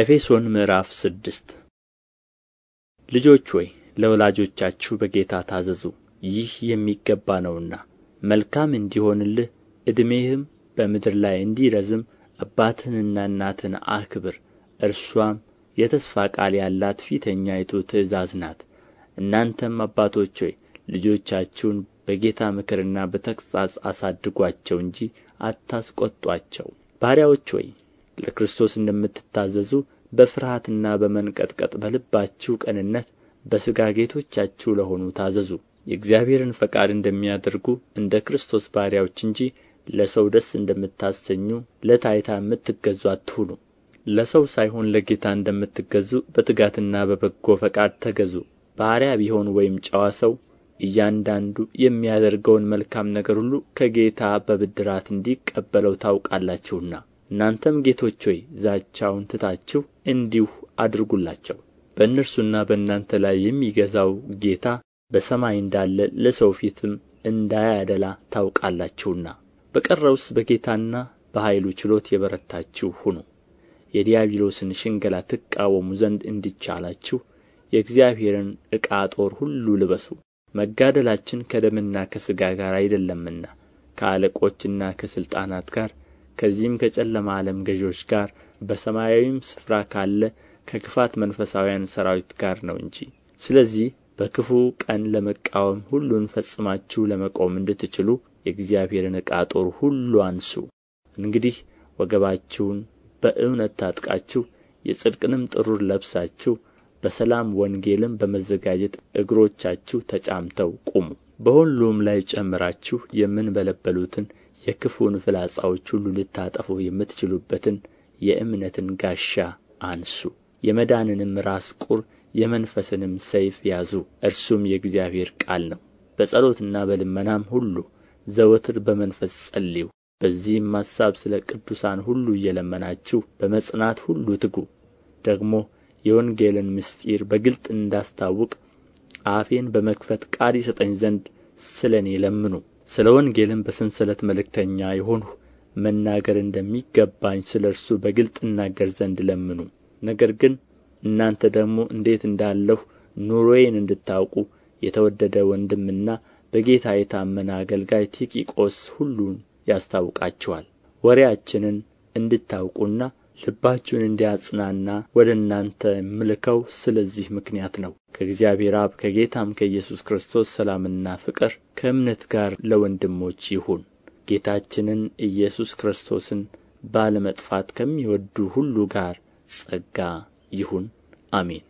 ኤፌሶን ምዕራፍ ስድስት ልጆች ሆይ ለወላጆቻችሁ በጌታ ታዘዙ፣ ይህ የሚገባ ነውና። መልካም እንዲሆንልህ ዕድሜህም በምድር ላይ እንዲረዝም አባትህንና እናትህን አክብር፤ እርሷም የተስፋ ቃል ያላት ፊተኛይቱ ትእዛዝ ናት። እናንተም አባቶች ሆይ ልጆቻችሁን በጌታ ምክርና በተግሣጽ አሳድጓቸው እንጂ አታስቆጧቸው። ባሪያዎች ሆይ ለክርስቶስ እንደምትታዘዙ በፍርሃትና በመንቀጥቀጥ በልባችሁ ቅንነት በሥጋ ጌቶቻችሁ ለሆኑ ታዘዙ የእግዚአብሔርን ፈቃድ እንደሚያደርጉ እንደ ክርስቶስ ባሪያዎች እንጂ ለሰው ደስ እንደምታሰኙ ለታይታ የምትገዙ አትሁኑ ለሰው ሳይሆን ለጌታ እንደምትገዙ በትጋትና በበጎ ፈቃድ ተገዙ ባሪያ ቢሆን ወይም ጨዋ ሰው እያንዳንዱ የሚያደርገውን መልካም ነገር ሁሉ ከጌታ በብድራት እንዲቀበለው ታውቃላችሁና እናንተም ጌቶች ሆይ ዛቻውን ትታችሁ እንዲሁ አድርጉላቸው በእነርሱና በእናንተ ላይ የሚገዛው ጌታ በሰማይ እንዳለ ለሰው ፊትም እንዳያደላ ታውቃላችሁና በቀረውስ በጌታና በኃይሉ ችሎት የበረታችሁ ሁኑ የዲያብሎስን ሽንገላ ትቃወሙ ዘንድ እንዲቻላችሁ የእግዚአብሔርን ዕቃ ጦር ሁሉ ልበሱ መጋደላችን ከደምና ከሥጋ ጋር አይደለምና ከአለቆችና ከሥልጣናት ጋር ከዚህም ከጨለማ ዓለም ገዦች ጋር በሰማያዊም ስፍራ ካለ ከክፋት መንፈሳውያን ሠራዊት ጋር ነው እንጂ ስለዚህ በክፉ ቀን ለመቃወም ሁሉን ፈጽማችሁ ለመቆም እንድትችሉ የእግዚአብሔርን ዕቃ ጦር ሁሉ አንሱ እንግዲህ ወገባችሁን በእውነት ታጥቃችሁ የጽድቅንም ጥሩር ለብሳችሁ በሰላም ወንጌልም በመዘጋጀት እግሮቻችሁ ተጫምተው ቁሙ በሁሉም ላይ ጨምራችሁ የምንበለበሉትን የክፉን ፍላጻዎች ሁሉ ልታጠፉ የምትችሉበትን የእምነትን ጋሻ አንሱ የመዳንንም ራስ ቁር የመንፈስንም ሰይፍ ያዙ እርሱም የእግዚአብሔር ቃል ነው በጸሎትና በልመናም ሁሉ ዘወትር በመንፈስ ጸልዩ በዚህም ሐሳብ ስለ ቅዱሳን ሁሉ እየለመናችሁ በመጽናት ሁሉ ትጉ ደግሞ የወንጌልን ምስጢር በግልጥ እንዳስታውቅ አፌን በመክፈት ቃል ይሰጠኝ ዘንድ ስለ እኔ ለምኑ ስለ ወንጌልም በሰንሰለት መልእክተኛ የሆንሁ መናገር እንደሚገባኝ ስለ እርሱ በግልጥ እናገር ዘንድ ለምኑ ነገር ግን እናንተ ደግሞ እንዴት እንዳለሁ ኑሮዬን እንድታውቁ የተወደደ ወንድምና በጌታ የታመነ አገልጋይ ቲቂቆስ ሁሉን ያስታውቃችኋል ወሬያችንን እንድታውቁና ልባችሁን እንዲያጽናና ወደ እናንተ የምልከው ስለዚህ ምክንያት ነው ከእግዚአብሔር አብ ከጌታም ከኢየሱስ ክርስቶስ ሰላምና ፍቅር ከእምነት ጋር ለወንድሞች ይሁን ጌታችንን ኢየሱስ ክርስቶስን ባለመጥፋት ከሚወዱ ሁሉ ጋር ጸጋ ይሁን አሜን